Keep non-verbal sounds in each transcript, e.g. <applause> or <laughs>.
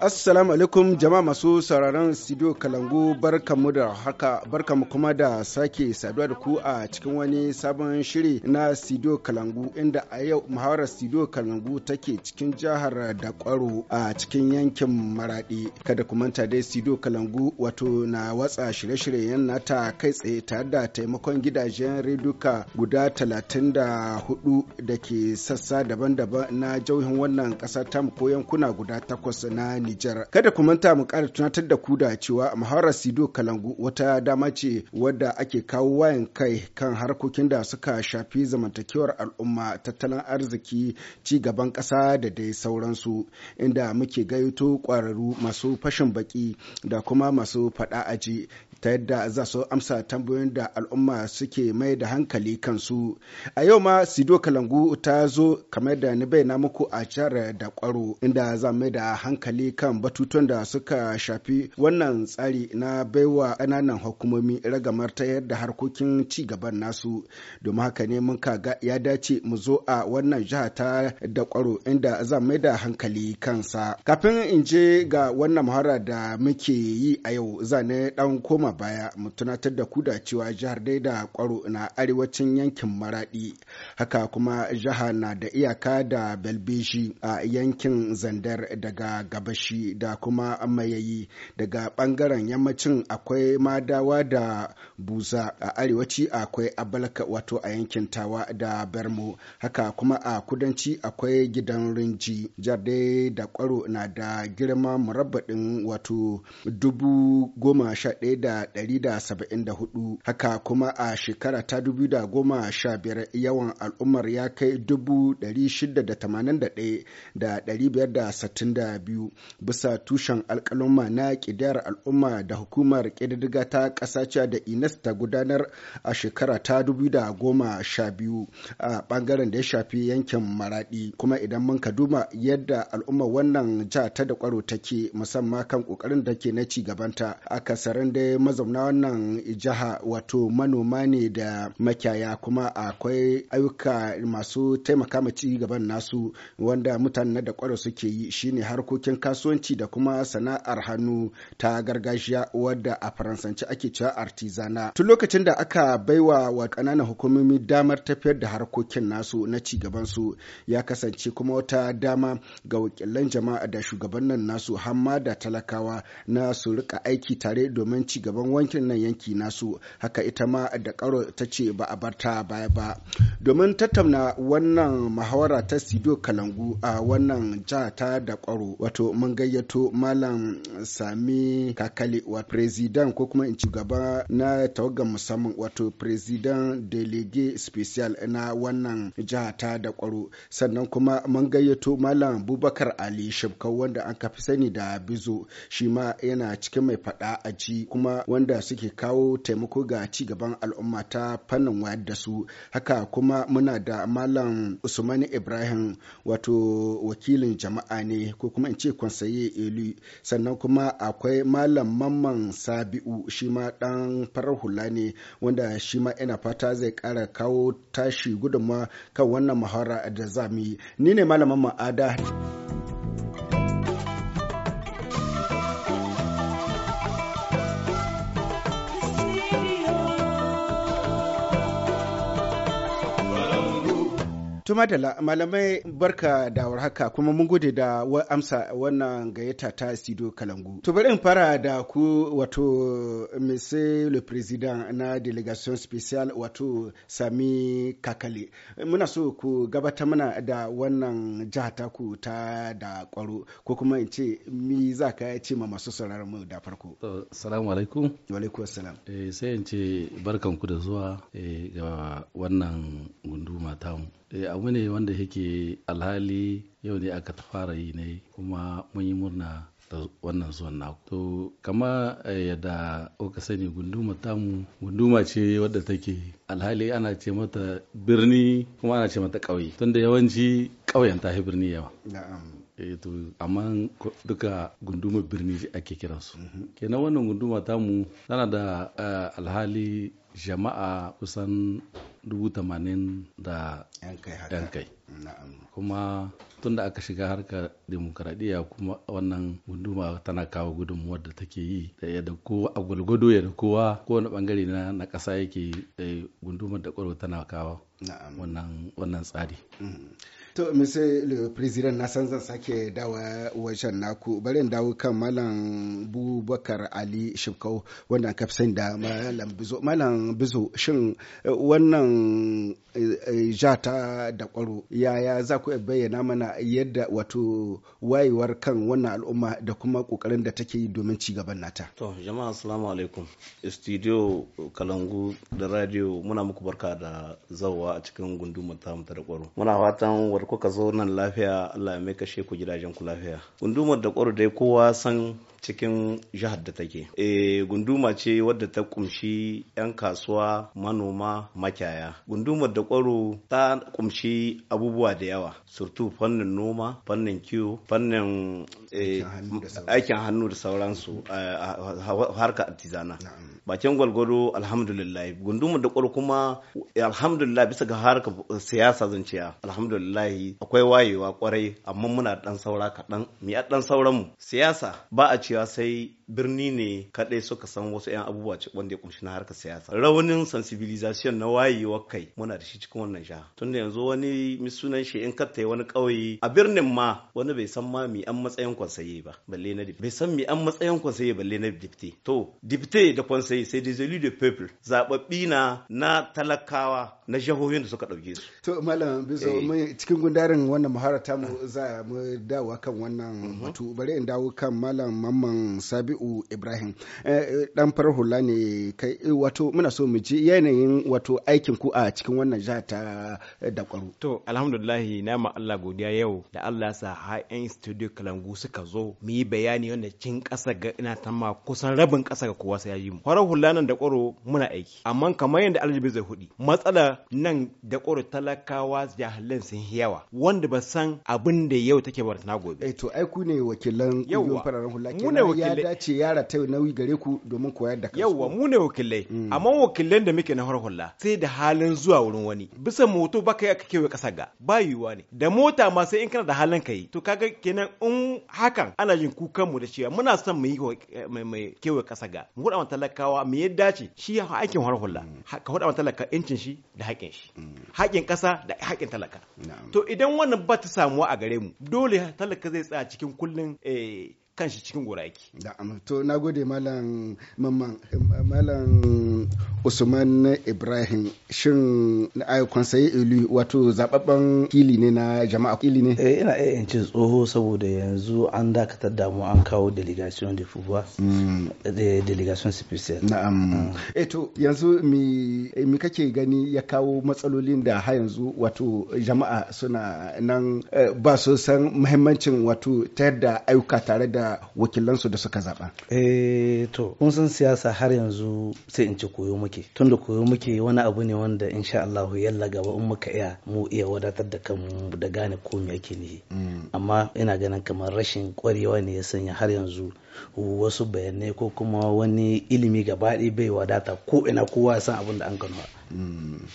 Assalamu alaikum jama'a masu sauraron studio Kalangu barkamu da haka barkamu kuma da sake saduwa da ku a cikin wani sabon shiri na studio Kalangu inda a yau muhawarar studio Kalangu take cikin jihar Dakwaro a cikin yankin Maradi kada ku manta dai studio Kalangu wato na watsa shirye-shiryen nata kai tsaye tare da taimakon gidajen reduka guda 34 da ke sassa daban-daban na jauhin wannan ƙasa ta ko yankuna guda takwas na Nijar. Kada ku manta mu ƙara tunatar da ku da cewa muhawarar Sido Kalangu wata dama ce wadda ake kawo wayan kai kan harkokin da suka shafi zamantakewar al'umma, tattalin arziki, ci gaban ƙasa da dai sauransu, inda muke gayyato ƙwararru masu fashin baki da kuma masu faɗa aji ta yadda za su amsa tambayoyin da al'umma suke mai da hankali kansu a yau ma sido kalangu ta zo kamar da ni bayyana muku a jihar da kwaro inda za mai da hankali kan batutun da suka shafi wannan tsari na baiwa ƙananan hukumomi ragamar ta yadda harkokin ci gaban nasu domin haka ne mun kaga ya dace mu zo a wannan jiha ta da kwaro inda za mai da hankali kansa kafin in je ga wannan muhara da muke yi a yau za ne dan koma koma baya mu tunatar da ku da cewa jihar dai da kwaro na arewacin yankin maradi haka kuma jiha na da iyaka da belbeji a yankin zandar daga gabashi da kuma mayayi daga bangaren yammacin akwai madawa da buza a arewaci akwai abalka wato a yankin tawa da bermo haka kuma a kudanci akwai gidan rinji jihar dai da kwaro na da girma murabba'in wato dubu goma sha ɗaya da 174 haka kuma a shekara ta 2015 yawan al'ummar ya kai 681,562 bisa tushen alkaluma na kidiyar al'umma da hukumar ƙididdiga ta kasace da ines ta gudanar a shekara ta 2012 a bangaren da ya shafi yankin maraɗi kuma idan mun ka duma yadda al'umma wannan ja ta da kwaro take musamman kan ƙoƙarin da ke na ci gabanta akasarin dai mazauna wannan jiha wato manoma ne da makiyaya kuma akwai ayyuka masu taimaka ma gaban nasu wanda mutanen da kwaro suke yi shine harkokin kasuwanci da kuma sana'ar hannu ta gargajiya wadda a faransanci ake cewa artizana tun lokacin da aka baiwa wa kananan hukumomi damar tafiyar da harkokin nasu na ci gaban su ya kasance kuma wata dama ga wakilan jama'a da shugabannin nasu hamma da talakawa na su rika aiki tare domin ci gaban shugaban wankin nan yanki nasu haka ita ma da karo ta ce ba a barta baya ba domin tattauna wannan muhawara ta siyo kalangu a wannan ja ta da kwaro wato mun gayyato malam sami kakali wa president ko kuma in shugaba na tawagar musamman wato president delege special na wannan ja ta da kwaro sannan kuma mun gayyato malam bubakar ali shibkau wanda an kafi sani da bizo shi ma yana cikin mai fada a ji kuma wanda suke kawo taimako ga ci gaban al'umma ta fannin wayar da su haka kuma muna da malam usmani ibrahim wato wakilin jama'a ne ko kuma in ce kwansaye elu sannan kuma akwai malam mamman sabi'u shi ma dan farar hula ne wanda shi ma ina fata zai kara kawo tashi gudunmawa kan wannan muhawara da za yi ni ne malam malamin ma'ada Tuma da malamai barka da warhaka kuma mun gode da wa amsa wannan gayyata ta studio Kalangu. To bari in fara da ku wato monsieur Le President na Delegation Special wato Sami kakali Muna so ku gabata mana da wannan jiha ta ku ta da kwaro ko kuma in ce mi za ka ce ma masu sauraron mu da farko. Assalamu alaikum. Wa alaikum assalam. Eh, sai in ce barkan ku da zuwa eh, ga wannan gunduma tamu. Eh, abu ne wanda yake alhali yau ne aka fara yi ne kuma mun yi murna da wannan zuwan naku to kama eh, yadda kuka sani gunduma tamu gunduma ce wadda take alhali ana ce mata birni kuma ana ce mata ƙauye tunda yawanci ƙauyen ta birni yawa Eto, eh, amma duka gunduma birni ake kiransu mhm. kenan wannan gunduma tamu tana da alhali jama'a kusan dubu tamanin da yan kai kuma tun da aka shiga harkar demokaradiyya kuma wannan gunduma tana kawo gudunmuwar da take yi da yadda kowa a gwalgwado yadda kowa kowane bangare na ƙasa yake eh, gundumar da kwaro tana kawo wannan tsari mm. To, Mr. le President na san zan sake dawa wajen naku bari dawo kan Malam Bubakar Ali Shibkau wannan ka sani da Malam Bizo. Malam Bizo shin eh, wannan eh, eh, ta da kwaro yaya za ku bayyana mana yadda wato wayewar kan wannan al'umma da kuma kokarin da take yi domin ci gaban nata. To, jama'a assalamu alaikum. Studio Kalangu da radio muna muku barka da zawa a cikin gundumar tamu ta da kwaro. Muna fatan kuka zo nan lafiya Allah ya mai kashe ku gidajen ku lafiya gundumar da kwaro dai kowa san cikin jihar da take. E, gunduma ce wadda ta kumshi 'yan kasuwa manoma makyaya. Gundumar da kwaro ta kumshi abubuwa da yawa, surtu fannin noma, fannin kiwo, fannin eh, aikin hannu da sauransu eh, harka artizana. Bakin gwalgwado alhamdulillah. Gundumar da kwaro kuma alhamdulillah bisa ga harka siyasa zanciya alhamdulillah akwai wayewa kwarai amma muna dan saura kaɗan. Mi dan sauranmu siyasa ba a ci hace y birni ne kadai suka san wasu 'yan abubuwa wanda ya kunshi na harkar siyasa raunin sensibilization na wayewar kai muna da shi cikin wannan tun tunda yanzu wani sunan shi in katta wani kauye a birnin ma wani bai san ma mi an matsayin kwansaye ba balle na bai san mi an matsayin kwansaye balle na dipte to dipte da kwansaye sai des élus de peuple zababbi na na talakawa na jahohin da suka dauke su to malam bisa eh. cikin gundarin wannan muhara ta mu ah. za mu dawo kan wannan mhm. batu bari in dawo kan malam mamman sabi Shehu ibrahim eh, eh, dan farar hula ne kai eh, wato muna so mu ji yanayin wato aikin ku a cikin wannan jiha ta dakwaru to alhamdulillahi na ma Allah godiya yau da Allah sa high studio kalangu suka zo mu yi bayani wanda cin kasa ga ina ta ma kusan rabin kasa ga kowa sai ya yi mu farar hula nan da kwaro muna aiki amma kamar yadda aljibi zai hudi matsala nan da kwaro talakawa jahilan sun yawa wanda ba san abin da yau take barna gobe eh to ai ku ne wakilan kungiyoyin fararen hula kenan ya dace ce yara ta nauyi gare ku domin koyar da kansu Yawwa mu ne wakilai mm. amma wakilan da muke na harhulla sai da halin zuwa wurin wani bisa moto baka yi aka kewa kasa ga ba yiwuwa ne da mota ma sai in kana da halin ka yi to kaga kenan in hakan ana jin kukan mu da cewa muna son mu yi mai kewa kasa ga mu mata talakawa mu ya dace shi aikin harhulla mm. ka mata talaka incin shi da haƙin shi mm. haƙin kasa da haƙin talaka to idan wannan ba ta samuwa a gare mu dole talaka zai tsaya cikin kullum. Eh, kanshi cikin gora yake to na gode malam mamman malam usman ibrahim shin ayyukan sai ilu wato zababban kili ne na jama'a kili ne eh ina iya ce tsoho saboda yanzu an dakatar da mu an kawo delegation de pouvoir mm. delegation special na'am mm. eh to yanzu mi eh, mi kake gani ya kawo matsalolin da har yanzu wato jama'a suna nan eh, ba su san muhimmancin wato tayar da ayyuka tare da wakilansu da suka zaɓa. Eh to kun san siyasa har yanzu sai in ci koyo muke tunda koyo muke wani abu ne wanda insha allahu yalla gaba in muka iya mu iya wadatar da kanmu da gane ko me yake nihi. Mm. Amma ina ganin kamar rashin kwarewa ne ya sanya har yanzu wasu bayanai ko kuma wani ilimi gabaɗaya bai wadata ko ina kowa san abin da an kano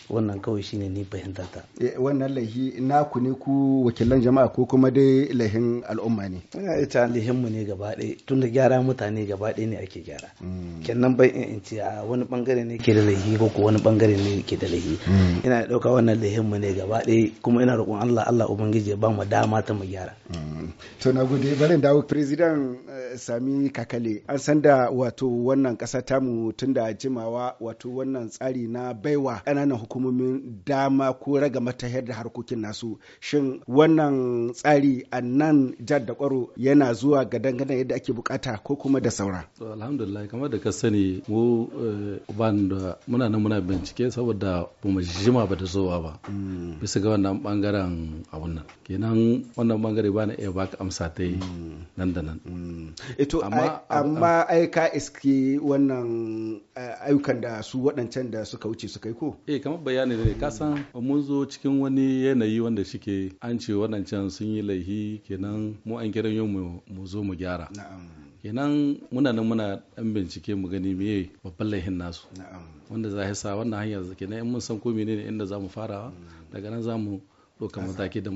wannan kawai shine ni fahimta ta eh, wannan laihi naku ne ku wakilan jama'a ko kuma dai laihin al'umma ne ita laihin mu ne gabaɗaya tun da gyara mutane gabaɗaya ne ake gyara hmm. kenan bai in ce a wani bangare ne ke da laihi ko ko wani bangare ne ke da laihi hmm. ina dauka wannan laihin mu ne gabaɗaya kuma ina roƙon Allah Allah ubangiji ya ba mu dama ta mu gyara hmm. to na gode barin dawo president eh, sami kakale an san da wato wannan ƙasa tamu tun da jimawa wato wannan tsari na baiwa ƙananan hukumomin dama ko raga matahiyar da harkokin nasu shin wannan tsari a nan jihar da kwaro yana zuwa ga dangane yadda ake bukata ko kuma da saura to alhamdulillah kamar da ka sani mu eh, ban da muna nan muna bincike saboda ba mu jima ba da zowa ba mm. bisa ga wannan bangaren abun nan kenan wannan bangare ba na iya baka amsa ta mm. nan da nan mm. Eto, ah. amma ai ka iske wannan eh, ayyukan da su waɗancan da suka wuce suka yi ko? Eh, kamar bayani da ka san mun zo cikin wani yanayi wanda shike an ce waɗancan sun yi laihi kenan mu an kiran yau mu zo mu gyara. kenan muna nan muna dan bincike mu gani meye babban laihin nasu wanda za a sa wannan hanyar kenan in mun san ko menene inda za mu farawa mm. daga nan za mu ɗauka mataki da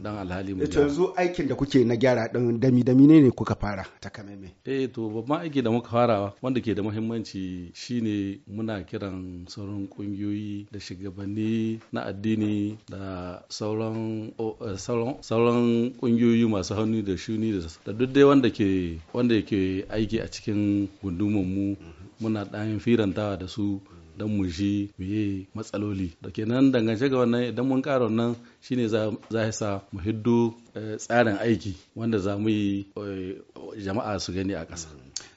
dan alhali mu ita yanzu aikin da kuke na gyara din dami dami ne ne kuka fara takamaime eh to babban aiki da muka fara wanda ke da muhimmanci shine muna kiran sauran kungiyoyi da shugabanni na addini da sauran eh, sauran kungiyoyi masu hannu da shuni da duk dai wanda ke wanda ke aiki a cikin gundumar mu mhm. muna dan firantawa da su don mu ji meye matsaloli da kenan dangance ga wannan idan mun ƙara wannan shine za ya sa mu hiddu eh, tsarin aiki wanda za mu yi eh, jama'a su gani a ƙasa.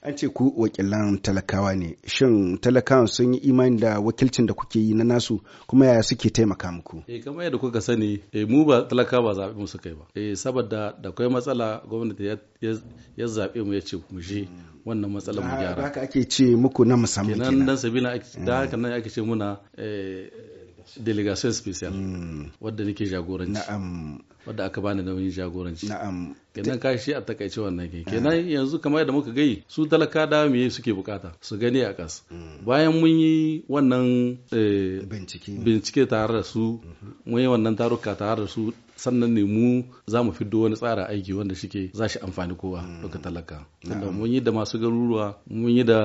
an ce ku wakilan talakawa ne shin talakawa sun yi imani da wakilcin da kuke yi na nasu kuma yaya suke taimaka muku eh kamar yadda kuka sani eh mu ba talakawa ba zaɓe mu suka yi ba eh saboda da kai matsala gwamnati ya zaɓe mu ya ce mu je wannan matsalar mu ah, gyara haka ake ce muku na musamman kenan dan sabina da eh. haka nan ake ce muna eh delegation special hmm. wadda nake jagoranci na'am wadda aka bani nauyin jagoranci na'am kenan ka shi a takaice wannan ke ah. kenan yanzu kamar yadda muka gai su talaka da me suke bukata su gani a kas hmm. bayan mun yi wannan eh, bincike tare da su mm-hmm. mun yi wannan taruka tare da su sannan ne mu za mu fiddo wani tsara aiki wanda shike za shi amfani kowa hmm. duka talaka tunda mun yi da masu garuruwa mun yi da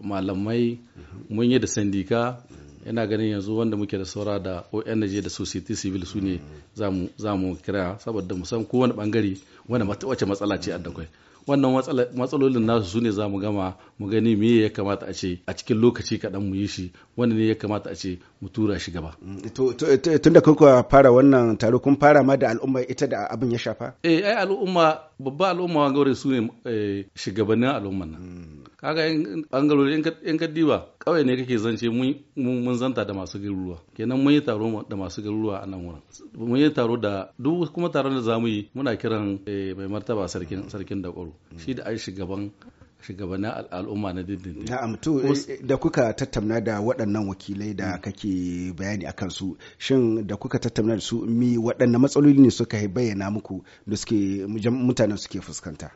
malamai mm-hmm. mun yi da sandika mm-hmm. ina ganin yanzu wanda muke da saura da ONG da society civil su ne za mu kira saboda musan ko kowane bangare wani wace matsala ce addakwai wannan matsalolin nasu su ne za mu gama mu gani me ya kamata a ce a cikin lokaci kaɗan mu yi shi wanda ne ya kamata a ce mu tura shi gaba. Mm, Tun da kuka fara wannan taro kun fara ma da al'umma ita da abin ya shafa? Eh ai al'umma babba al'umma wangare su ne eh, shugabannin al'umman nan. Mm. kaga bangarori in ka diba kawai ne kake zance mun zanta da masu garuruwa kenan mun yi taro da masu garuruwa a nan wurin mun yi taro da duk kuma taron da zamu yi muna kiran eh, mai martaba sarkin sarkin da kwaro shi da ai shugaban shugabannin al'umma na dindindin. Na'am to eh, da kuka tattauna da waɗannan wakilai da hmm. kake bayani akan su shin da kuka tattauna da su mi waɗannan matsaloli ne suka bayyana muku da suke mutanen suke fuskanta.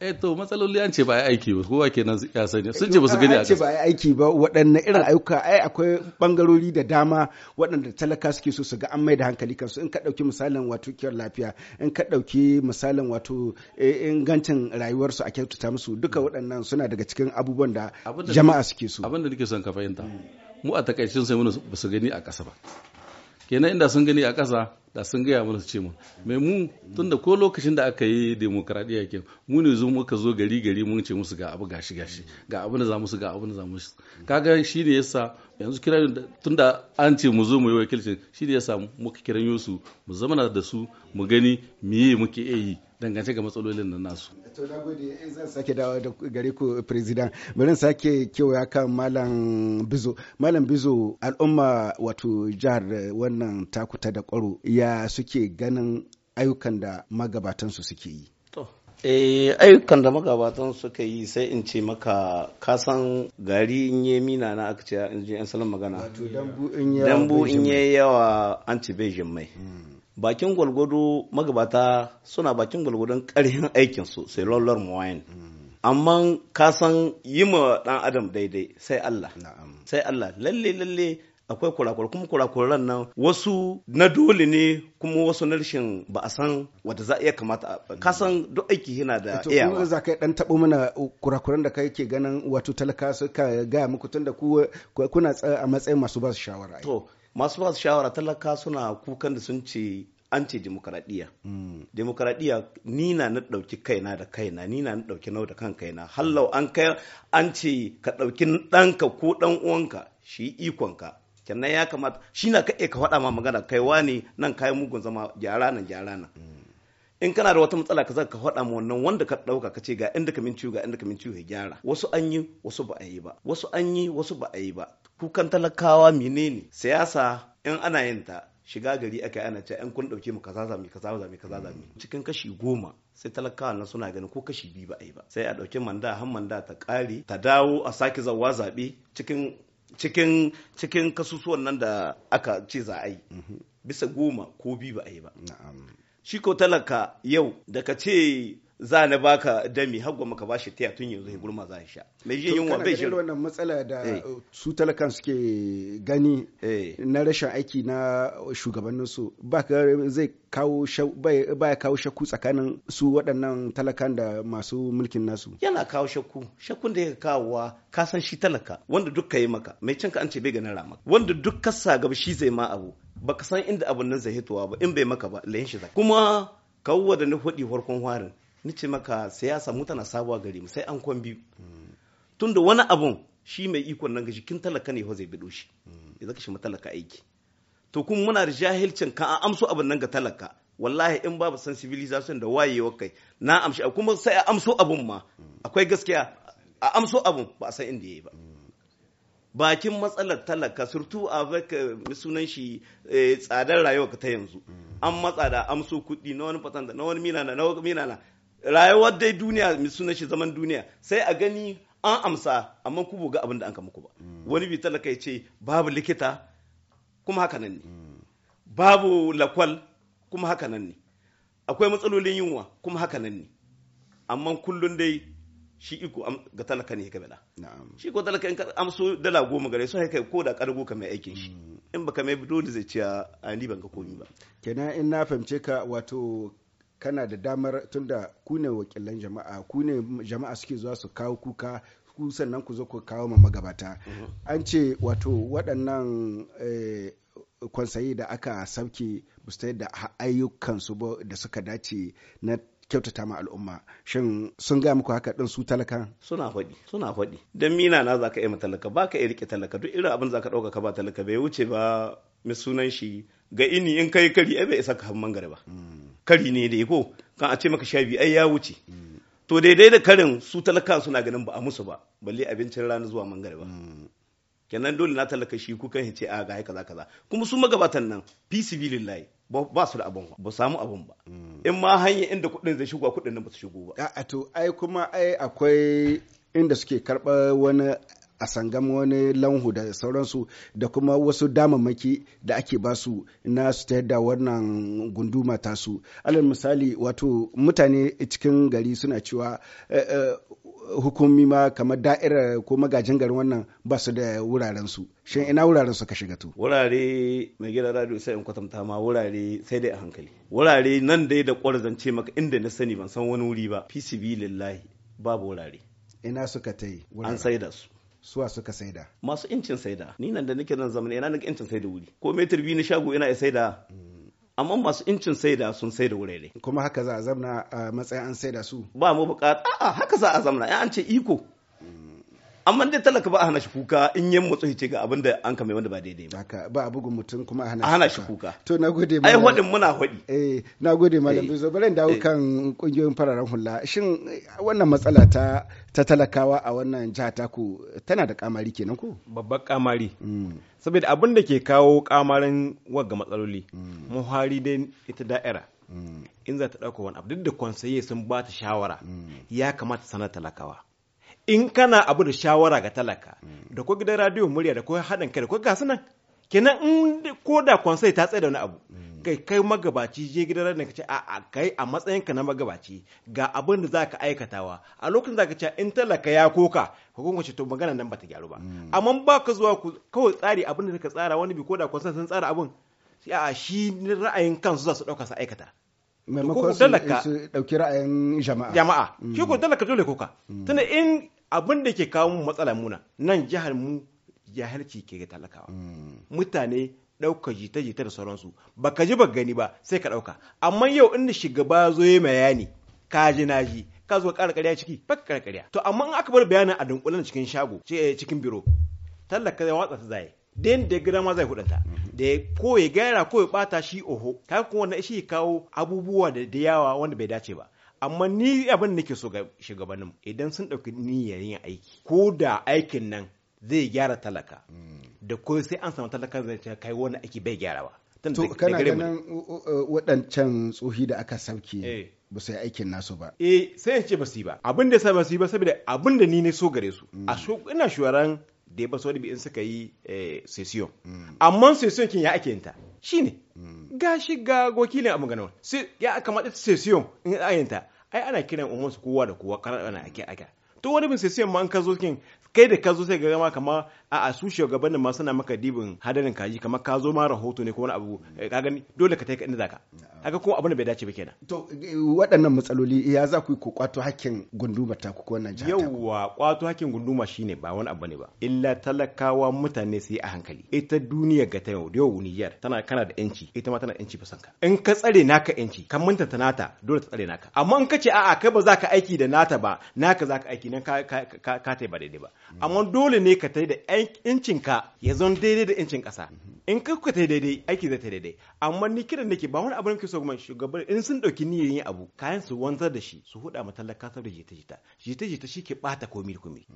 eh to matsaloli an ce ba aiki ba kowa kenan ya sani sun ce ba su gani a ce ba aiki ba waɗannan irin ayyuka ai akwai bangarori da dama waɗanda talaka suke so su ga an mai da hankali kan su in ka ɗauki misalin wato kiyar lafiya in ka ɗauki misalin wato eh, ingancin rayuwarsu a kyautata musu duka waɗannan suna daga cikin abubuwan da jama'a suke so abinda da nake son ka fahimta mu a takaicin sai mun ba su gani a ƙasa ba kenan inda sun gani a ƙasa da sun gaya mana su ce mu mai mu tunda ko lokacin da aka yi demokradiyya ke mu ne zo muka zo gari gari mun ce musu ga abu gashi gashi ga abu da za musu ga abu da za musu kaga shi ne yasa yanzu kiran tunda an ce mu zo mu yi wakilcin shi ne yasa muka kiran su mu zama da su mu gani meye muke iya yi dangance ga matsalolin nan nasu. To na gode in eh, zan sake dawo da gare ku president bari sake kewaya kan malam Bizo. Malam Bizo al'umma wato jihar eh, wannan takuta da kwaro ya suke ganin ayyukan da magabatansu suke yi. Eh ayyukan da magabatan su suke yi sai in ce maka kasan gari in yi mina na aka ce in ji 'yan salon magana. Dambu in yawa an ci bejin mai. Hmm. bakin gwalgwado magabata suna bakin gwalgwadon ƙarfin aikinsu sai lollar muwayin amma ka san yi ma ɗan adam daidai sai Allah sai Allah lalle lalle akwai kurakurai kuma kurakuran nan wasu na dole ne kuma wasu na rashin ba a san wata za iya kamata ka san duk aiki yana da iya ba za ka dan tabo mana uh, kurakuran da kai ke ganin wato talaka suka ga muku tunda ku kuna a matsayin masu ba su shawara to masu ba su shawara talaka suna kukan da sun ce an ce demokaradiyya mm. demokaradiyya ni na na ɗauki kaina da kaina ni na na ɗauki nau da kan kaina hallau an kai an ce ka ɗauki ɗanka ko ɗan uwanka shi ikonka kenan ya kamata shi na ka ka faɗa ma magana kai wani nan kai mugun zama gyara nan gyara nan mm. in kana da wata matsala ka zaka faɗa ma wannan wanda ka ɗauka ka ce ga inda ka min ciwo ga inda ka min ciwo ya gyara wasu an yi wasu ba a yi ba wasu an yi wasu ba a yi ba kukan talakawa menene siyasa in ana yin ta shiga gari aka ana ce yan kun dauke mu kaza zami kaza zami kaza zami cikin kashi goma sai talakawa na suna ganin ko kashi biyu ba a yi ba sai a dauki manda han manda ta kare ta dawo a sake zawa zabe cikin cikin cikin kasusuwan nan da aka ce za a yi mhm. bisa goma ko biyu ba a yi ba shi ko talaka yau da ka ce za na baka dami har gwamma ka bashi taya tun yanzu ya gurma za sha mai jin yunwa bai shirin wannan matsala da eh. uh, su talakan suke gani eh. na rashin aiki na shugabannin su ba zai kawo baya kawo shakku tsakanin su waɗannan talakan da masu mulkin nasu yana kawo shakku shakkun da ya kawowa ka san shi talaka wanda duk ka yi maka mai cin ka an ce bai ganin rama wanda duk ka sa gaba shi zai ma abu baka san inda abun nan zai hitowa ba in bai maka ba layin shi zaka kuma kawo da na hudi farkon hwarin. ni ce maka siyasa mu tana sabuwa gari mu sai an kwan biyu tunda wani abun shi mai ikon nan gashi kin talaka ne zai bido shi ya zaka shi matalaka aiki to kuma muna da jahilcin kan an amso abin nan ga talaka wallahi in babu sensibilization da wayewa kai na amshi kuma sai a amso abun ma akwai gaskiya a amso abun ba a san inda yayi ba bakin matsalar talaka surtu a baka eh, sunan shi eh, tsadar rayuwa ta yanzu an matsa da amso kuɗi na wani fatan na wani minana na wani minana rayuwar dai duniya mai suna shi zaman duniya sai a gani an amsa amma ku ga abin da an ka muku ba mm. wani bi talaka ce babu likita kuma haka nan ne mm. babu lakwal kuma haka nan ne akwai matsalolin yunwa kuma haka nan ne amma kullun dai shi iko ga talaka ne ka bada shi ko talaka in ka amso dala goma gare su haka ko da kargo ka mai aikin shi mm. in baka mai dole zai ciya a ni ban ga komi ba kenan in na fahimce ka wato kana da damar tunda ku ne wakilan jama'a ku ne jama'a suke zuwa su kawo kuka ku sannan ku zo ku kawo ma magabata mm-hmm. an ce wato waɗannan eh, kwansayi da aka sauke su da ayyukansu da suka dace na kyautata ma al'umma shin sun ga muku haka din su talaka suna faɗi suna faɗi don mina na zaka iya talaka ka iya rike talaka duk irin abin zaka ɗauka ka ba talaka bai wuce ba mai sunan shi ga ini in kai kari ai bai isa ka hannun gari ba mm. kari ne da ko kan a ce maka sha biyu ai ya wuce to daidai da karin su talaka suna ganin ba a musu ba balle abincin rana zuwa ba kenan dole na talaka shi kan hice a ah, ga kaza kaza kuma su magabatan nan fi sabilillahi ba su da abin ba ba samu abin ba in ma hanyar inda kuɗin zai shigo kuɗin nan ba su shigo ba a to ai kuma ai akwai inda suke karɓar wani a sangam wani lanhu da sauransu da kuma wasu damammaki da ake basu na su ta yadda wannan gunduma tasu alal misali wato mutane cikin gari suna cewa eh, eh, hukumi ma kamar da'ira ko magajin garin wannan ba su da wuraren su shin ina wuraren su ka shiga to wurare mai gidan radio sai in kwatanta ma wurare sai dai a hankali wurare nan dai da zance maka inda na sani ban san wani wuri ba fi lillahi babu wurare ina suka ta yi an sai da su suwa suka saida masu incin saida ni nan da nake nan zamani ina nake incin saida wuri ko metri biyu na shago ina saida amma masu incin saida sun saida wurare kuma haka za a zamna a matsayin an saida su ba mu bukata a'a haka za a zamna ya an ce iko amma dai talaka ba a hana shi kuka in yin motsa ce ga abin da an kame wanda ba daidai ba haka ba a bugun mutum kuma a hana shi kuka to na gode malam ai hodin muna hodi eh na gode malam eh. bizo bare dawo eh. kan kungiyoyin fararen hula shin eh, wannan matsala ta ta talakawa a wannan jiha ku tana da kamari kenan ku. babbar kamari mm. saboda abin da ke kawo kamarin wagga matsaloli mm. muhari dai ita da'ira mm. in za ta dauka wani abu duk da kwansaye sun ba ta shawara ya kamata sanar talakawa in kana abu da shawara ga talaka da ko gidan radiyo murya da ko haɗin kai da ko gasu nan kenan in ko da konsai ta tsaye da wani abu kai kai magabaci je gidan ranar ka ce a kai a matsayin ka na magabaci ga abin da zaka aikatawa a lokacin zaka ce in talaka ya koka hukumar ce to magana nan bata gyaru ba hmm. amma ba ka zuwa kawai tsari abin da ka tsara wani bi ko da konsai sun tsara abin a shi ra'ayin kansu za su ɗauka su aikata maimakon su ɗauki ra'ayin jama'a jama'a shi ko hmm. talaka dole koka hmm. tunda in abin da ke kawo mu matsala muna nan jihar mu jahilci ke talakawa mm. mutane ɗauka jita-jita da sauransu ba ka ji ba gani ba sai ka ɗauka amma yau inda shugaba zo ya bayani ka ji na ji ka zo ƙara ƙarya ciki ba ka to amma in aka bar bayanin a dunkulen cikin shago eh, cikin biro tallaka zai watsa ta zai den mm-hmm. da gida ma zai hudanta da ko ya gaira ko ya bata shi oho ka kuma wannan shi kawo abubuwa da da yawa wanda bai dace ba amma ni abin da nake so ga shugabannin idan sun ɗauki niyyar yin aiki ko da aikin nan zai gyara talaka da ko sai an samu talaka zai kai wani aiki bai gyara ba to kana ganin waɗancan tsohi da aka sauke eh. ba su yi aikin nasu ba eh sai ya ce ba su yi ba abin da sa ba su yi ba saboda abin da ni ne so gare su a ina shuwaran da ya basu wani in suka yi eh, sesiyon mm. amma sesiyon kin ya ake yin ta shine mm. gashi ga wakilin a magana sai ya kamata sesiyon in ayinta ai ana kiran umar su kowa da kowa kana ana ake ake to wani bin sesiyon ma an ka kin kai da ka sai ga ma kama a'a su nan ma suna maka dibin hadarin kaji kamar ka zo ma rahoto ne ko wani abu eh, ka gani dole ka taika inda zaka haka kuma abin da bai dace ba kenan to waɗannan matsaloli ya za ku yi ko kwato hakkin gunduma ta ku wannan jihar yawa kwato hakkin gunduma shine ba wani abu ne ba illa talakawa mutane su yi a hankali ita duniya ga ta yau yau niyyar tana kana da yanci ita ma tana da yanci fa sanka in ka tsare naka yanci kan manta ta nata dole ta tsare naka amma in ka ce a'a kai ba za ka aiki da nata ba naka za ka aiki nan ka ka ka ba daidai ba mm. amma dole ne ka tai da incinka ya zon daidai da incin ƙasa in ka ta daidai aiki zai ta daidai amma ni kiran nake ba wani abu nake so man shugaban in sun dauki niyyar yin abu kayan su wanzar da shi su huda ma talaka saboda jita jita jita jita shi ke bata komi komi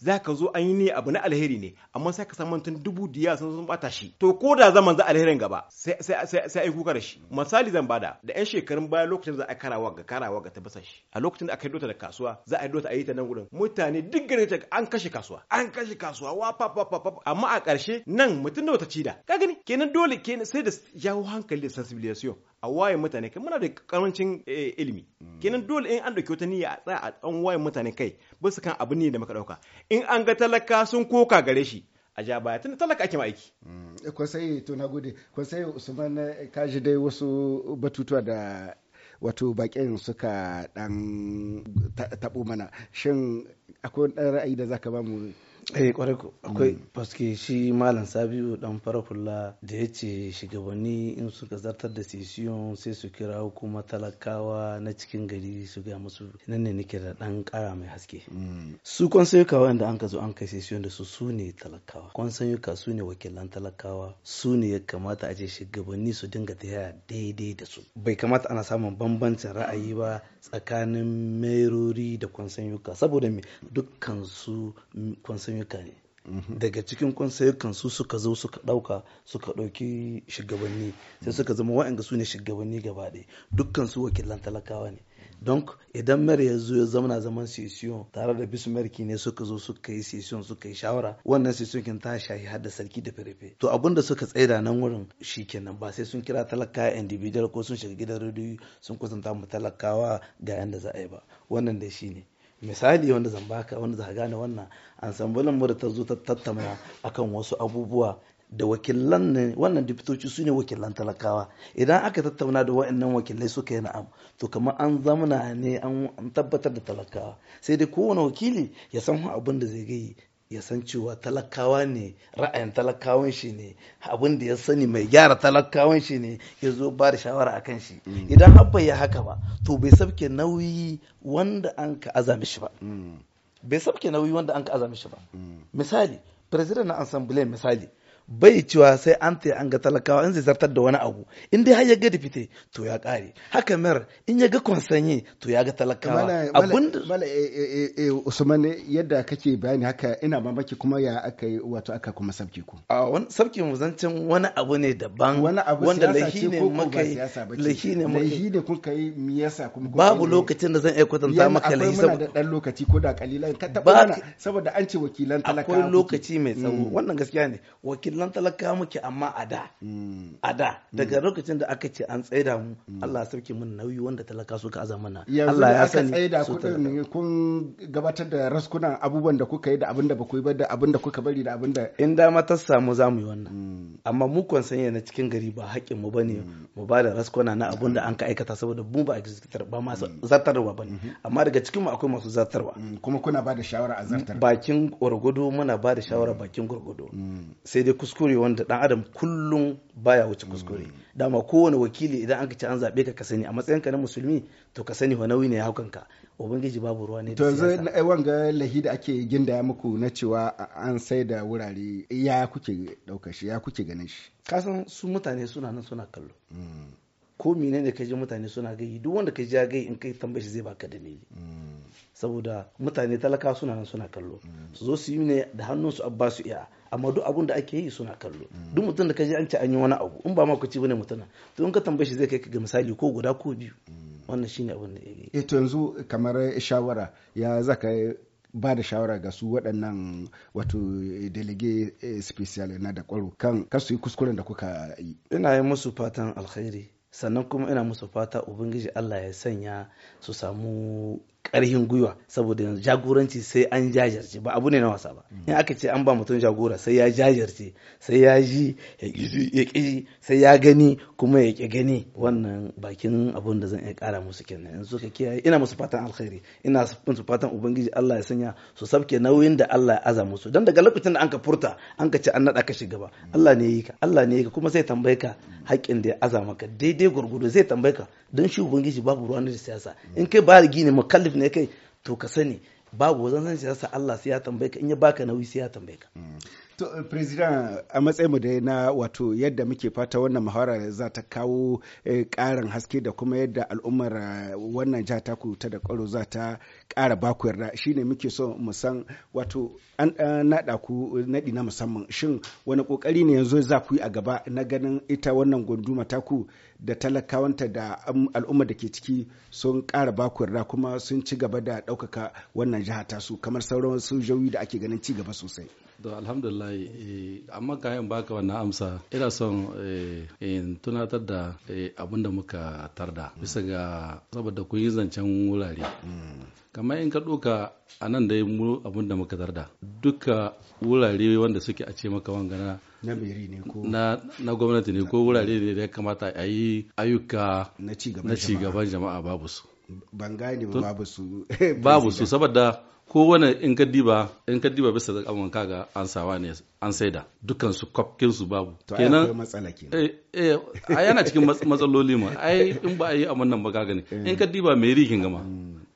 za ka zo an yi ni abu na alheri ne amma sai ka samu tun dubu diya sun sun bata shi to ko da zaman za alherin gaba sai sai sai ai kuka da shi misali zan bada da yan shekarun baya lokacin za a karawa ga karawa ga tabasa shi a lokacin da aka dota da kasuwa za a dota a yi ta nan gurin mutane duk garin an kashe kasuwa an kashe kasuwa wa pa pa pa amma a karshe nan mutum da wata cida ka gani kenan dole kenan sai da jawo hankali da sensibilisation a waye mutane kai muna da karancin eh, ilimi mm. kenan dole in an dauki wata niyya a tsaya a dan waye mutane kai ba su kan abu ne da muka dauka in an ga talaka sun koka gare shi a ja baya tun talaka ake aiki. Mm. Eh, sai to na gode, sai Usman eh, kaji dai wasu batutuwa da wato bakin suka dan taɓo mana shin akwai ɗan ra'ayi da zaka ba mu eh kwarai akwai mm. paske shi malam sabiu dan farafulla da ya ce shugabanni in suka zartar da sesiyon sai su kira kuma talakawa na cikin gari su ga musu nan ne nake da dan kara mai haske mm. su konsayuka wanda an ka zo an kai sesiyon da su su ne talakawa konsayuka su ne wakilan talakawa su ne ya kamata a je shugabanni su dinga ta daidai da su bai kamata ana samun bambancin ra'ayi ba tsakanin merori da kwansanyuka saboda dukkan su kwansanyuka ne daga cikin kwansayukan su suka zo suka dauka suka dauki shugabanni sai suka zama wa'anga su ne shugabanni gaba ɗaya dukkan su wakilan talakawa ne don idan mayar ya zo ya zamana zaman sesiyon tare da bismarki ne suka zo suka yi sesiyon suka yi shawara wannan sesiyon kin ta shahi har sarki da firife to abin da suka tsaida nan wurin shi kenan ba sai sun kira talakawa individual ko sun shiga gidan rediyo sun kusanta mu talakawa ga yanda za a yi ba wannan da shi ne misali wanda zan baka wanda za gane wannan bulan mu da ta zo ta tattauna akan wasu abubuwa da wakilan ne wannan diptoci su ne wakilan talakawa idan aka tattauna da wa'annan wakilai suka yi na'am to kamar an zamana ne an tabbatar da talakawa sai dai kowane wakili ya san abin da zai gayi ya san cewa talakawa ne ra'ayin talakawan shi ne abin da ya sani mai gyara talakawan shi ne ya zo ba da shawara a kan shi mm. idan habba ya haka ba to bai sabke nauyi wanda an ka azami shi ba mm. bai sabke nauyi wanda an ka azami shi ba mm. misali president na ansambulen misali bai cewa sai an ta an ga talakawa in zai zartar da wani abu in dai har ya ga dipite to ya kare haka mer in ya ga konsanye to ya ga talakawa abun mala eh, eh, eh, usmane yadda kake bayani haka ina mamaki kuma ya aka yi wato aka kuma sabki ku a wani sabki mu zancin wani abu ne daban wani abu wanda lahi ne muka yi lahi ne muka yi kun kai me yasa kuma babu lokacin da zan iya kwatanta maka lahi saboda dan lokaci ko da kalilan ka taba saboda an ce wakilan talakawa akwai lokaci mai tsawo mm. wannan gaskiya ne wakil nan talaka muke amma a da a da daga lokacin da aka ce an tsaida mu Allah ya sauke mun nauyi wanda talaka suka aza mana Allah ya sani tsaida kudin kun gabatar da raskunan abubuwan da kuka yi da abin da ba ku yi ba da abin da kuka bari da abin da in dama ta samu za mu yi wannan mm. amma mu kon sanya na cikin gari ba haƙƙin mu bane mm. mu ba da raskuna na abin da an ka aikata saboda mu ba executor ba ma mm. zartarwa bane mm-hmm. amma daga cikin mu akwai masu zartarwa kuma kuna ba da shawara a zartar bakin gurgudu muna ba da shawara bakin gurgudu sai dai kuskure wanda dan adam kullum baya wuce kuskure mm. dama kowane wakili idan an ci an zabe ka ka sani a matsayin ka na musulmi to ka sani wa nauyi ne ya hukanka ubangiji babu ruwa ne to yanzu wanga lahida da ake gindaya muku na cewa an sai da wurare ya kuke dauka shi ya kuke ganin shi kasan su mutane suna nan suna kallo mm. ko ne ka ji mutane suna gayi duk wanda ka ji ya gayi in kai tambaye shi zai baka dalili mm. saboda mutane talaka suna nan suna kallo su zo su yi ne da hannunsu abba su iya amma duk abun da ake yi suna kallo mm. duk mutum da ka an ce an yi wani abu in ba ma ci bane mutum to in ka tambaye shi zai kai ga misali ko guda ko biyu mm. wannan shine abun da yake eh to yanzu kamar shawara ya zaka ba da shawara ga su waɗannan wato delege eh, special na da kwaro kan kasu yi kuskuren da kuka yi ina yi musu fatan alkhairi sannan kuma ina musu fata ubangiji Allah ya sanya su samu karhin gwiwa saboda yanzu jagoranci sai an jajirce ba abu ne na wasa ba mm. in aka ce an ba mutum jagora sai ya jajirce sai ya ji ya ƙi sai ya gani kuma ya ƙi gani wannan bakin abun da zan iya ƙara musu kenan yanzu ka kiyaye ina musu fatan alkhairi ina musu fatan ubangiji Allah ya sanya su sabke nauyin da Allah ya aza musu dan daga lokacin da an ka furta an ka ce an naɗa ka shigaba mm. Allah ne ya yi ka Allah ne ya yi ka kuma zai tambaye ka mm. haƙƙin da ya aza maka daidai gurgudu zai tambaye ka don shi ubangiji babu ruwan da siyasa in kai ba gini mukallaf annabi ne kai to ka sani babu wajen san siyasa Allah sai ya tambaye ka in ya baka nauyi sai ya tambaye ka mm. To, eh, President, a matsayinmu da na wato yadda muke fata wannan muhawara za ta kawo eh, ƙarin haske da kuma yadda al'ummar eh, wannan jiha taku ta da ƙwaro za ta ƙara baku yarda shine muke so mu san wato an naɗa ku naɗi na musamman shin wani ƙoƙari ne yanzu za ku yi a gaba na ganin ita wannan gunduma taku da talakawanta da al'ummar da ke ciki sun kara baku yarda kuma sun ci gaba da ɗaukaka wannan jiha tasu kamar sauran su da ake ganin ci gaba sosai. da alhamdulillah eh, amma kayan baka wannan amsa ina son eh, in tunatar da eh, abin da muka tarda bisa ga saboda kun yi zancen wurare kamar in ka ɗoka a nan da mu abin da muka tarda duka wurare wanda suke a ce maka wanga na na gwamnati ne ko wurare ne da ya kamata a yi ayyuka na cigaban jama'a babu su ban gane ba babu su <laughs> babu su saboda wani in ka diba in ka diba bisa abin kaga an sawa ne an saida dukkan su kwafkin su babu kenan matsala kenan eh, eh yana cikin matsaloli ma ai in ba a yi amman nan ba kaga eh. in ka diba mai rikin gama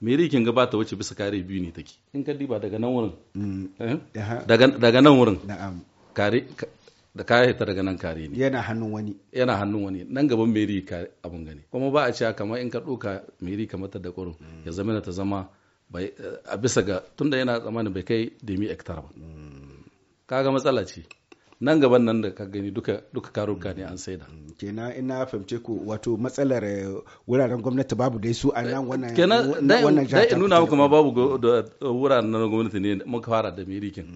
mai mm. rikin gaba ta wuce bisa kare biyu ne take in ka diba daga nan wurin mm. eh, daga nan wurin kare da kaya fita daga nan kare ne yana hannun wani yana hannun wani nan gaban meri ka abun gani kuma ba a cewa kamar in ka ɗoka meri kamar ta da ƙwarin ya zama ta zama a bisa ga tunda yana tsammanin bai kai demi hectare ba kaga matsala ce nan gaban nan da ka gani duka duka karuka ne an saida mm, kenan ina fahimce ku wato matsalar eh, wuraren gwamnati babu dai su a nan eh, wannan wannan jihar dai nuna muku ma babu wuraren gwamnati ne muka fara da merikin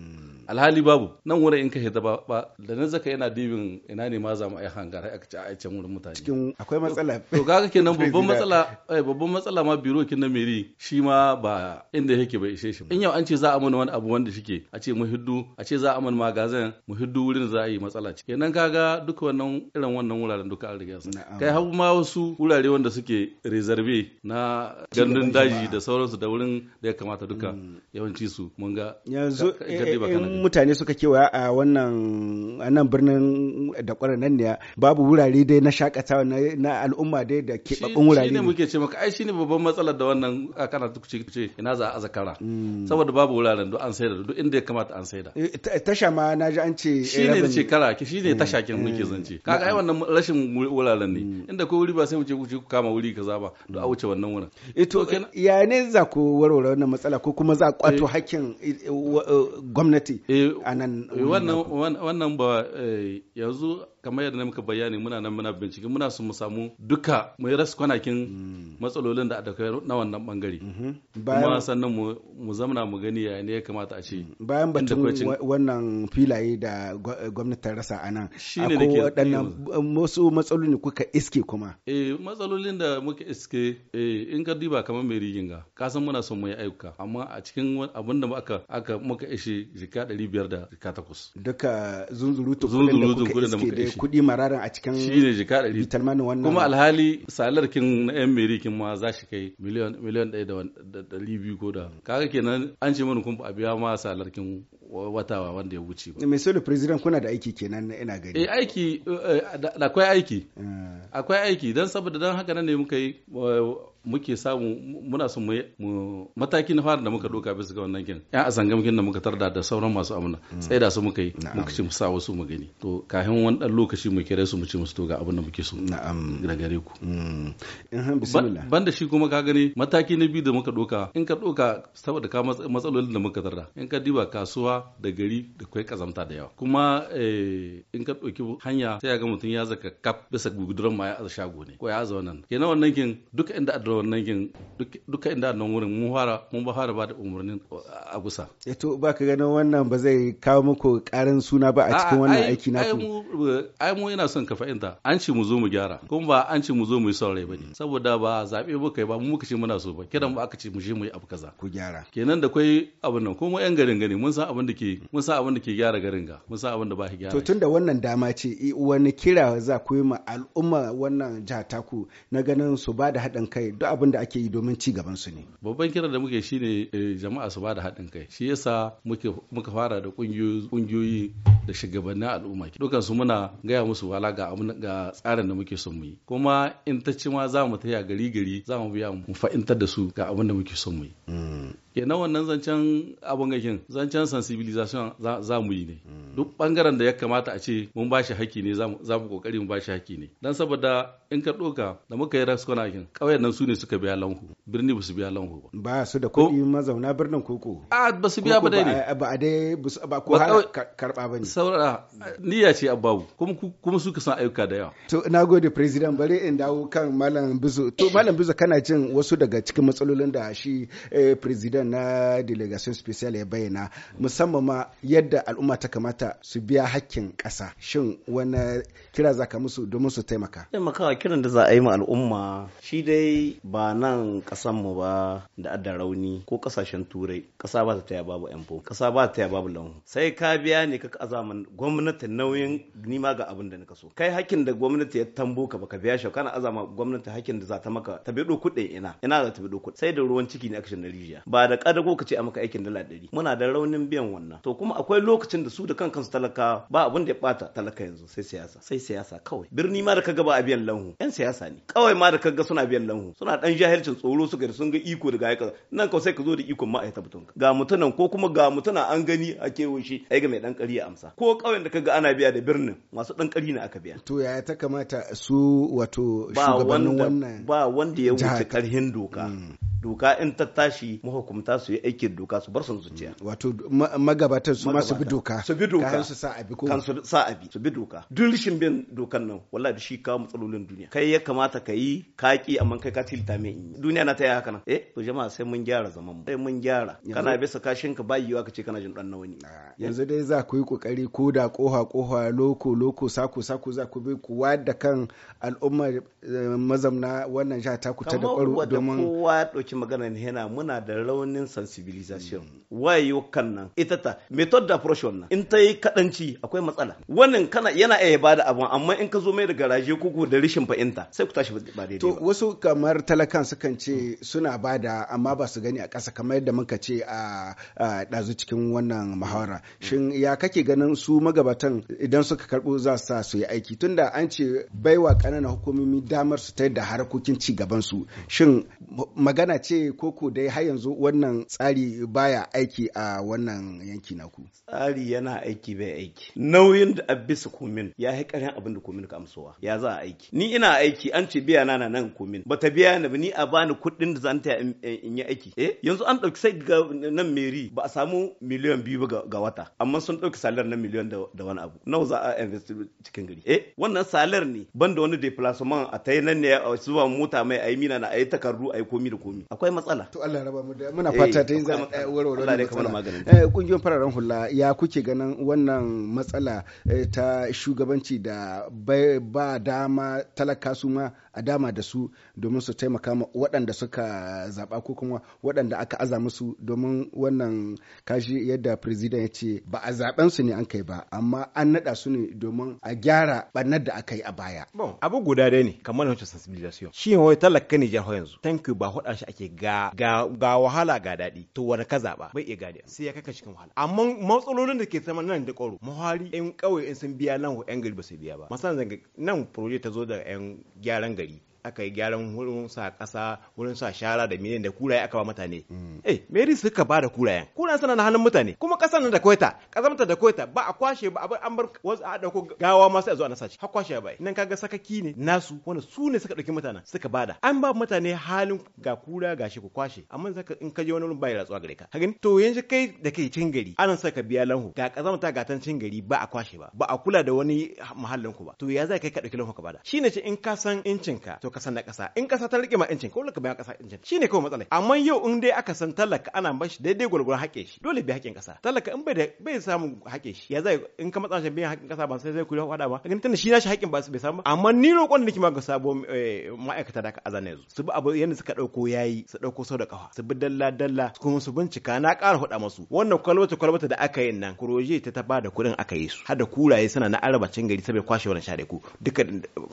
alhali babu nan wurin in ka hita ba da na zaka yana dibin ina ne ma za mu ai hangara a ci a can wurin mutane cikin akwai matsala to kaga kenan <laughs> babban matsala eh, babban matsala ma biro kin na meri shi ma ba inda yake bai ishe shi ba in yau an ce za a mana wani abu wanda shike a ce mu hiddu a ce za a mana magazin mu hiddu wurin za a yi matsala ce kenan kaga duka wannan irin wannan wuraren duka an riga sun kai har ma wasu wurare wanda suke reserve na gandun daji da sauransu da wurin da ya kamata duka mm. yawanci su mun ga yanzu eh, eh, in mutane suka kewaya a wannan nan birnin da nan ne babu wurare dai na shakatawa na al'umma dai da babban wurare ne muke ce maka ai shine babban matsalar da wannan kana tukuce ce ina za a zakara mm. saboda babu wuraren duk an saida duk inda ya kamata an saida eh, tasha ma na ji an ce eh, shine ce kara ki shine tasha kin mm. muke zance mm. kaga ai wannan rashin wuraren ne inda ko wuri ba sai wuce ce ku kama wuri kaza ba to a wuce wannan wurin eh, to ya ne za ku warware wannan matsala ko kuma za a kwato hakkin gwamnati Eh, a nan eh, wannan ba eh, yanzu kamar yadda muka bayani muna nan muna bincike muna su mu samu duka mu yi rasa kwanakin mm. matsalolin da aka na wannan bangare mm-hmm. kuma sannan mu zamana mu gani ya ne ya kamata a ce mm. bayan batun wannan filaye da gwamnatin rasa a nan akwai waɗannan eh. wasu matsaloli kuka iske kuma eh matsalolin da muka iske eh in ka diba kamar mai riginga ka san muna son mu yi ayyuka amma a cikin abin da aka aka muka ishe jika 500 da jika 8 duka zunzurutun kuɗin da muka iske kuɗi mararin a cikin shi ne jika ɗari bitalmanin wannan kuma alhali salarkin na yan meri kin ma za shi kai miliyan miliyan ɗaya da ɗari biyu ko da kaga kenan an ce mana kun a biya ma salarkin watawa wanda ya wuce ba. Mai sole president kuna da aiki kenan ina gani. Eh aiki eh, eh, akwai aiki. Eh. Akwai aiki dan saboda dan haka nan ne muka yi muke samu muna son mu mataki na fara da muka doka bisa ga wannan ginin y'a azangam ginin da muka tarda da sauran masu amana mm. sai da su muka yi muka ci mu wasu mu gani to kafin wani dan lokaci mu kira su mu ci musu to ga abin da muke so na'am da gare ku mm. banda shi kuma ka gani mataki na biyu da muka doka in ka doka saboda ka matsalolin da muka tarda in ka diba kasuwa da gari da kai kazamta da yawa kuma eh, in ka doki hanya sai ga mutum ya zaka kap bisa guguduran ma ya shago ne ko ya nan kenan wannan kin duka inda to wannan gin duka inda nan wurin mun fara mun ba fara ba da umarnin a gusa eh to ba ka ganin wannan ba zai kawo muku karin suna ba a cikin wannan aiki na ku ai mu ina son ka fa'inta an ci mu zo mu gyara kuma ba an ci mu zo mu yi saurayi bane saboda ba zabe ba yi ba mu muka ce muna so ba kiran ba aka ce mu je mu yi abu kaza ku gyara kenan da kai abin nan kuma yan garin gani mun san abin da ke mun san abin da ke gyara garin ga mun san abin da ba shi gyara to tunda wannan dama ce wani kira za ku yi ma al'umma wannan jihar taku na ganin su ba da haɗin kai duk abin da ake yi domin ci gaban su ne babban kira da muke shine eh, jama'a su ba da haɗin kai shi yasa muke muka fara da kungiyoyi da shugabannin al'umma dukan su muna gaya musu wala ga ga tsarin da muke son mu yi kuma in ta ci ma za mu taya gari gari za mu biya mu fa'intar da su ga abin da muke son mu yi mm. nan wannan zancen abin gakin zancen sensibilization za mu yi ne duk bangaren da ya kamata a ce mun ba shi haƙƙi ne za mu kokari mun ba shi haƙƙi ne dan saboda in ka doka da muka yi raskona kin ƙauyen nan su ne suka biya lanhu birni ba su biya lanhu ba ba su da kuɗi mazauna birnin koko a ba su biya ba dai ne ba a dai ba ko har karɓa ba ne saboda niyya ce ababu kuma kuma suka san ayyuka da yawa to na gode president bare in dawo kan malam bizu to malam bizu kana jin wasu daga cikin matsalolin da shi eh, president jagoran na delegation special ya bayyana musamman ma yadda al'umma ta kamata su biya hakkin ƙasa shin wani kira za ka musu domin su taimaka taimakawa kiran da za a yi ma al'umma shi dai ba nan mu ba da adda rauni ko ƙasashen turai ƙasa ba ta taya babu yan ƙasa ba ta taya babu lanhu sai ka biya ne ka azaman gwamnati nauyin nima ga abin da nika so kai hakkin da gwamnati ya tambo ka baka biya shi kana azama gwamnati hakkin da za ta maka ta bido kuɗi ina ina za ta bido kuɗi sai da ruwan ciki ne aka na rijiya ba da ƙadar ko ka ce a maka aikin dala ɗari muna da raunin biyan wannan to kuma akwai lokacin da su da kankansu talaka ba abin da ya bata talaka yanzu sai siyasa sai siyasa kawai birni ma da kaga ba a biyan lanhu yan siyasa ne kawai ma da kaga suna biyan lanhu suna dan jahilcin tsoro suka da sun ga iko daga ya nan kawai sai ka zo da ikon ma'aikata mutum ga mutunan ko kuma ga mutuna an gani a kewo shi ai ga mai dan kari ya amsa ko kawai da kaga ana biya da birnin masu dan kari ne aka biya to yaya ta kamata su wato shugabannin wannan ba wanda ya wuce karhin doka mm. doka in ta tashi mahukumta su yi aikin doka su bar su zuciya mm. wato magabatan su ma su bi doka su bi doka kan su sa abi ko kan su sa abi su bi doka duk rishin bin dokan nan wallahi shi kawo matsalolin duniya kai ya kamata ka yi kaki amma kai ka tilta mai in duniya na ta yi haka nan eh to jama'a sai mun gyara zaman mu sai mun gyara kana bisa kashin ka bayi ka ce kana jin dan nawa ne yanzu dai za ku yi kokari ko da koha koha loko loko sako sako za ku bi kuwa da kan al'ummar eh, mazamna wannan jiha ta ku ta da domin kowa ɗauki ne hena muna da raunin sensibilization wayo kan nan ita ta method da approach nan in ta yi kadanci akwai matsala wannan kana yana iya ba da abun amma in ka zo mai da garaje ko da rishin fa'inta sai ku tashi ba daidai to wasu kamar talakan sukan ce suna ba da amma ba su gani a ƙasa kamar yadda muka ce a ɗazu cikin wannan muhawara shin ya kake ganin su magabatan idan suka karɓo za su sa su yi aiki tunda an ce baiwa ƙananan hukumomi damar su ta yadda harkokin ci gaban su shin magana ce koko dai har yanzu wannan tsari baya aiki a wannan yanki naku tsari yana aiki bai aiki nauyin da a komin ya yi karin abin da komin ka amsowa ya za a aiki ni ina aiki an ce biya na nan komin bata biya na ni a bani kuɗin da zan ta in yi aiki eh yanzu an ɗauki sai ga nan meri ba a samu miliyan biyu ba ga wata amma sun ɗauki salar na miliyan da wani abu nawa za a invest cikin gari eh wannan salar ne banda wani deplacement a ta nan ne a zuwa mota mai ayi mina na ayi takardu ayi komi da komi akwai matsala to Allah raba mu da muna fata eh, ta yin za a warware wannan matsala kungiyoyin eh, fararen hula ya kuke ganin wannan matsala eh, ta shugabanci da ba dama talaka su ma a dama da su domin su taimaka ma waɗanda suka zaba ko kuma waɗanda aka aza musu domin wannan kashi yadda president ya ce ba a zaben su ne an kai ba amma an nada su ne domin a gyara barnar da aka yi a baya abu guda dai ne kamar wancan sensibilisation shi wai talaka ne jihar su. thank you ba hada shi ake ke ga ga ga wahala ga daɗi to wani ka zaɓa bai iya gane sai ya kaka cikin wahala amma matsalolin da ke sama nan da ƙwaro mahari yan ƙauye in sun biya nan ko yan gari ba su biya ba zan zanga nan proje ta zo da yan gyaran gari aka yi gyaran wurin sa ƙasa wurin sa shara da miliyan da kuraye aka ba mutane mm. eh meri suka ba da kurayen kuran sana na hannun mutane kuma ƙasar nan da ƙasa ƙasar da kwaita ba a kwashe ba a an bar wasu a dauko gawa ma sai a zo a nasa har kwashe ba nan kaga sakaki ne nasu wanda su ne suka dauki mutanen suka bada an ba mutane halin ga kura ga shi ku kwashe amma zaka in ka je wani wurin bai ratsuwa gare ka kaga to yanzu kai da kai cin gari ana saka ka biya lanhu ga ta gatan cin gari ba a kwashe ba ba a kula da wani muhallin ku ba to ya za kai ka dauki lanhu ka bada shine ce in ka san incin ka to kasan na kasa in kasa ta rike ma yancin ko ka bayan kasa yancin shine kawai matsalar amma yau in dai aka san talaka ana bashi daidai gwargwaron hake shi dole bai hakin kasa talaka in bai bai samu hake shi ya zai in ka matsa shi biyan haƙin kasa ba sai zai kula hada ba kaga tunda shi na shi hakin ba su bai samu amma ni roƙon da nake ma ga sabo eh, ma'aikata da ka azana yanzu su bi abu yanda suka dauko yayi su dauko sau da kafa su bi dalla dalla kuma su bincika na ƙara hada musu wannan kwalbata kwalbata da aka yi nan kuroje ta ta bada kuɗin aka yi su har da kuraye suna na arabacin gari saboda kwashe wannan share ku duka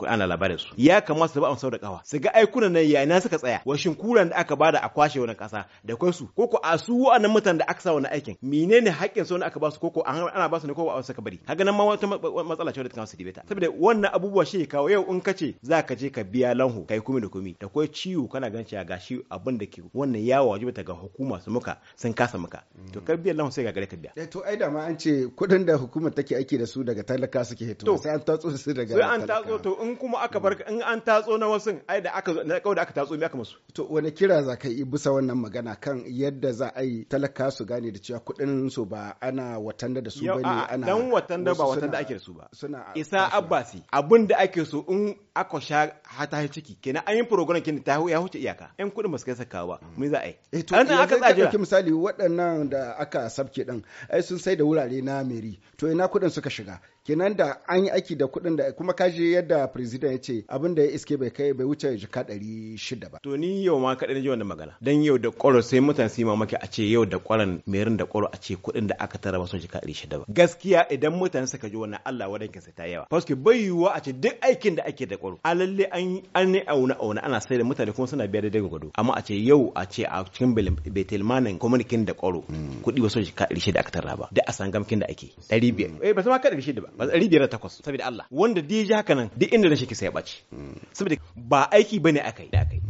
ana labarin su ya kamata su ba amsa sau da kawa su ga aikunan nan yana suka tsaya washin kuran da aka bada a kwashe wani kasa da kai su koko a su wa'annan mutanen da aka sa wani aikin menene haƙƙin su ne aka ba su koko ko ana ba su ne koko a wasu bari kaga nan ma wata matsala ce da ta kawo su dibeta saboda wannan abubuwa shi kawo yau in kace za ka je ka biya lanho kai kumi da kumi da ciwo kana gan cewa gashi abin da ke wannan ya wajibi ta ga hukuma su muka sun kasa muka to kar biyan lanho sai ga gare ka biya eh to ai da ma an ce kuɗin da hukumar take aiki da su daga talaka suke hito sai an tatso su daga sai an tatso to in kuma aka bar in an tatso na wasu ai da aka na kauda aka tatso me aka musu to wani kira za ka yi bisa wannan magana kan yadda za a yi talaka su gane da cewa kuɗin su ba ana watanda da su ba ne ana dan watanda ba watanda ake da su ba suna isa abbasi abin da ake so in aka sha hata ciki kenan an yi program kin ta ya huce iyaka yan kuɗin ba su kai sakawa ba me za a yi eh, to an aka tsaje misali waɗannan da aka sabke din ai sun sai da wurare na meri to ina kuɗin suka shiga kenan da an yi aiki da kuɗin da kuma kaji yadda president ya ce abin da ya iske bai kai bai wuce jika ɗari shida ba. to ni yau ma kaɗai na ji wannan magana dan yau da ƙwaro sai mutane su yi mamaki a ce yau da ƙwaron merin da ƙwaro a ce kuɗin da aka tara ba sun jika ɗari shida ba gaskiya idan mutane suka ji wannan Allah wadankin sa ta yawa paske bai yiwuwa a ce duk aikin da ake da ƙwaro a lalle an an ne auna auna ana sai da mutane kuma suna biya daidai gwado amma a ce yau a ce a cikin betelmanin kwamanikin da ƙwaro hmm. kuɗi ba sun jika ɗari shida aka tara ba da a sangamkin da ake ɗari biyar eh ba su ma ka ɗari shida ba ba biyar da takwas saboda Allah wanda da ya ji haka nan duk inda rashin kisa ya ɓaci saboda ba aiki bane akai da akai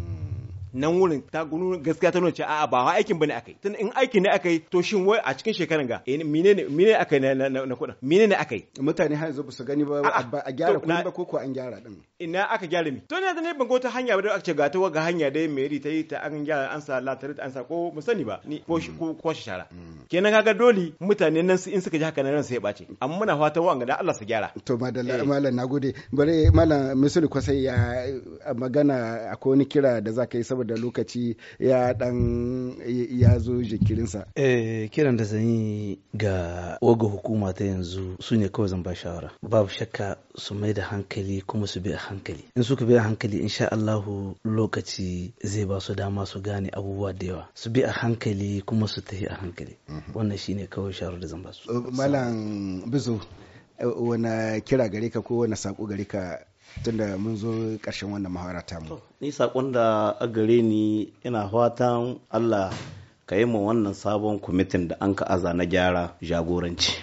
nan wurin ta gaskiya ta nuna a'a ba aikin bane akai tun in aiki ne akai to shin wai a cikin shekaran ga eh, menene menene akai na na kuɗin menene akai mutane har yanzu ba su gani ba a gyara kuɗin ba koko an gyara din ina aka gyara mi to ne da ne ban ta hanya ba da aka ce ga ta ga hanya dai mai ta yi ta an gyara an sa latarit an sa ko mu sani ba ni ko ko mm. shara mm. kenan kaga dole mutane nan in suka ji haka nan sai ya bace amma muna fatan wa'anga da Allah su gyara to madalla eh. malam nagode bare malam misali kwasai ya magana akwai wani kira da za yi saboda lokaci ya dan ya zo jikirinsa eh kiran da zan yi ga waga hukuma ta yanzu su ne kawai zan ba shawara babu shakka su mai da hankali kuma su bi a hankali in suka bi a hankali insha Allahu lokaci zai ba su dama su gane abubuwa da yawa su bi a hankali kuma su tafi a hankali mhm. wannan shine kawai shawarar da zan ba su malam Bizu. Eh, kira gare ka ko sako gare ka da mun zo ƙarshen wannan mahawara ta mu ni sakon da a gare ni ina fatan Allah ka yi mu wannan sabon kwamitin da an ka aza na gyara jagoranci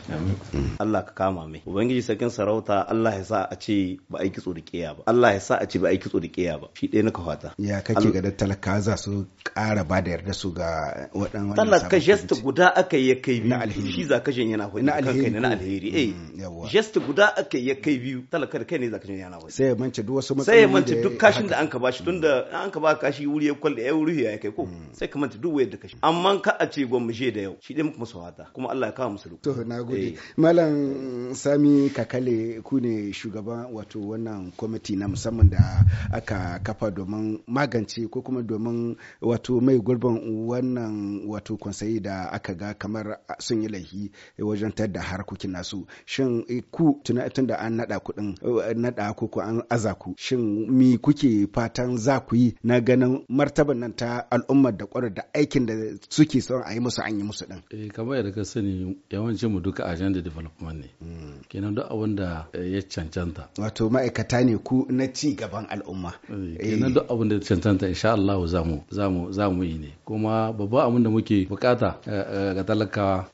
Allah ka kama mai ubangiji sarkin sarauta Allah ya sa a ce ba a kitso da ba Allah ya sa a ce ba a kitso da ba shi ɗaya na ka fata ya kake ga talaka za su ƙara ba da yarda su ga waɗannan sabon talaka jesta guda aka yi kai biyu Na alheri. shi za ka jin yana hoyi na alheri na alheri mm, eh Jesta guda aka yi kai biyu talaka da kai ne za ka jin yana hoyi sai ya mance duk wasu matsaloli sai ya mance duk kashin da an ka bashi tunda mm. an ka ba kashi wuri ya kwalda ya wuri ya kai ko mm. sai ka mance duk wayar da kashi amma ka a ce gwamma she da yau shi dai muka musu fata kuma Allah ya kawo musu to na gode eh. malam sami kakale ku ne shugaban wato wannan kwamiti na musamman da aka kafa domin magance ko kuma domin wato mai gurbin wannan wato kwansayi da aka ga kamar sun yi laifi wajen tadda harkokin nasu shin eh, ku tuna tunda an nada kuɗin eh, nada ko ko an aza ku shin mi kuke fatan za ku yi na ganin martaban nan ta al'ummar da kwarar da aikin da suke son a yi musu an yi musu din eh kamar yadda ka sani yawancin mu duka agenda development ne hmm. kenan duk abin da eh, ya cancanta wato ma'aikata ne ku na ci gaban al'umma eh, eh. kenan duk abin da ya cancanta insha Allah za mu za mu za mu yi ne kuma babban abin da muke bukata ga talakawa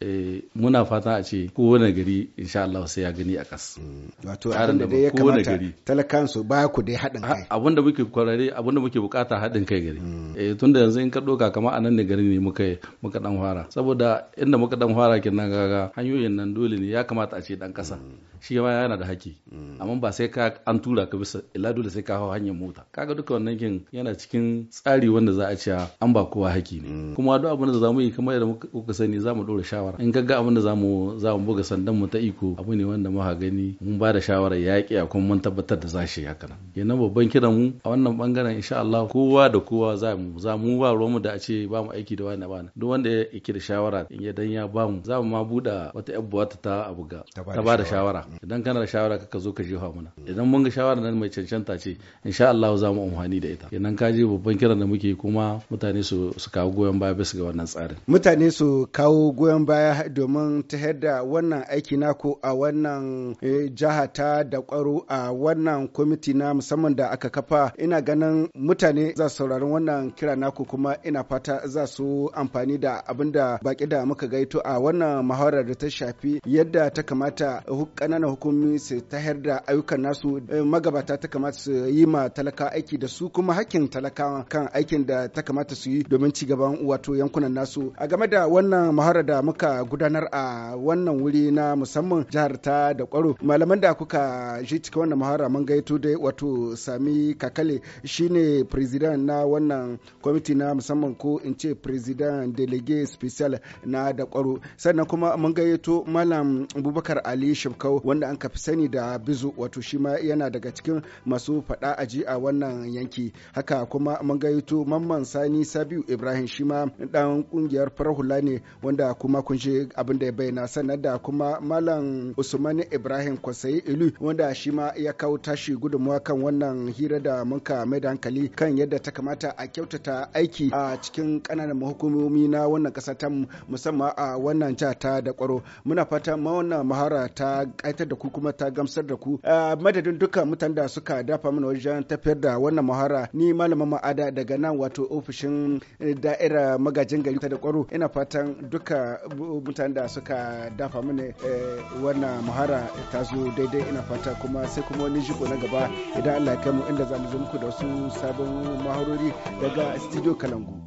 muna fata a ce kowane gari insha Allah sai ya gani a kas hmm. wato abin da ya kamata talakan su ba ku dai haɗin kai abin da muke kwarare abin da muke bukata haɗin kai gari hmm. tunda yanzu in ka doka kamar anan ne gari ne muka muka muka dan fara saboda inda muka dan fara kenan gaga hanyoyin nan dole ne ya kamata a ce dan kasa mm. shi ma yana da haki mm. amma ba sai ka an tura ka bisa illa dole sai ka hau hanyar mota kaga duka wannan kin yana cikin tsari wanda za a ce an ba kowa haki ne mm. kuma duk abin da zamu yi kamar yadda muka sani zamu dora shawara in gaga abin da zamu zamu buga sandan mu ta iko abu ne wanda muka gani mun ba da shawara yaƙi a kuma mun tabbatar da zashi haka nan kenan babban kiran mu a wannan bangaren insha Allah kowa da kowa za mu za mu ba ruwanmu da a ce ba mu aiki da wani na bana duk wanda ya da shawara in ya dan ya bamu za mu ma buɗe wata yar buwata ta ga ta ba da shawara idan kana da shawara kaka zo ka jefa mana idan mun ga shawara nan mai cancanta ce insha Allah za mu amfani da ita idan ka je babban kiran da muke kuma mutane su su kawo goyon baya bisa ga wannan tsarin mutane su kawo goyon baya domin ta yadda wannan aiki naku a wannan eh, jiha ta da kwaro a wannan kwamiti na musamman da aka kafa ina ganin mutane za su saurari wannan kira naku kuma ina fata za su amfani da abin da baki da muka gaito a wannan muhawarar da ta shafi yadda ta kamata ƙananan hukumomi su tahar da ayyukan nasu eh, magabata ta kamata su yi ma talaka aiki da su kuma hakkin talaka kan aikin da ta kamata su yi domin ci gaban wato yankunan nasu a game da wannan muhawarar da muka gudanar a wannan wuri na musamman jihar ta da kwaro malaman da kuka ji cikin wannan muhawarar mun gaito dai wato sami kakale shine president na wannan kwamiti na musamman ko in ce president president delege special na da kwaro sannan kuma mun gayyato malam abubakar ali shibkau wanda an kafi sani da bizu wato shi ma yana daga cikin masu faɗa aji a wannan yanki haka kuma mun gayyato mamman sani sabiu ibrahim shi ma dan kungiyar farahula ne wanda kuma kun je abin da ya bayyana sannan da kuma malam usman ibrahim kwasai ilu wanda shi ma ya kawo tashi gudunmuwa kan wannan hira da mun ka mai da hankali kan yadda ta kamata a kyautata aiki a cikin ƙananan mahukum hukumomi na wannan kasa ta musamman a wannan jiha ta da kwaro muna fata ma wannan mahara ta kaitar da ku kuma ta gamsar da ku madadin dukkan mutanen da suka dafa mana wajen tafiyar da wannan mahara ni malamin ma'ada daga nan wato ofishin da'ira magajin gari ta da kwaro ina fatan duka mutanen da suka dafa mana eh, wannan mahara ta zo daidai ina fata kuma sai kuma wani jiko na gaba idan Allah ya kai mu inda za mu zo muku da wasu sabon maharori daga studio kalangu.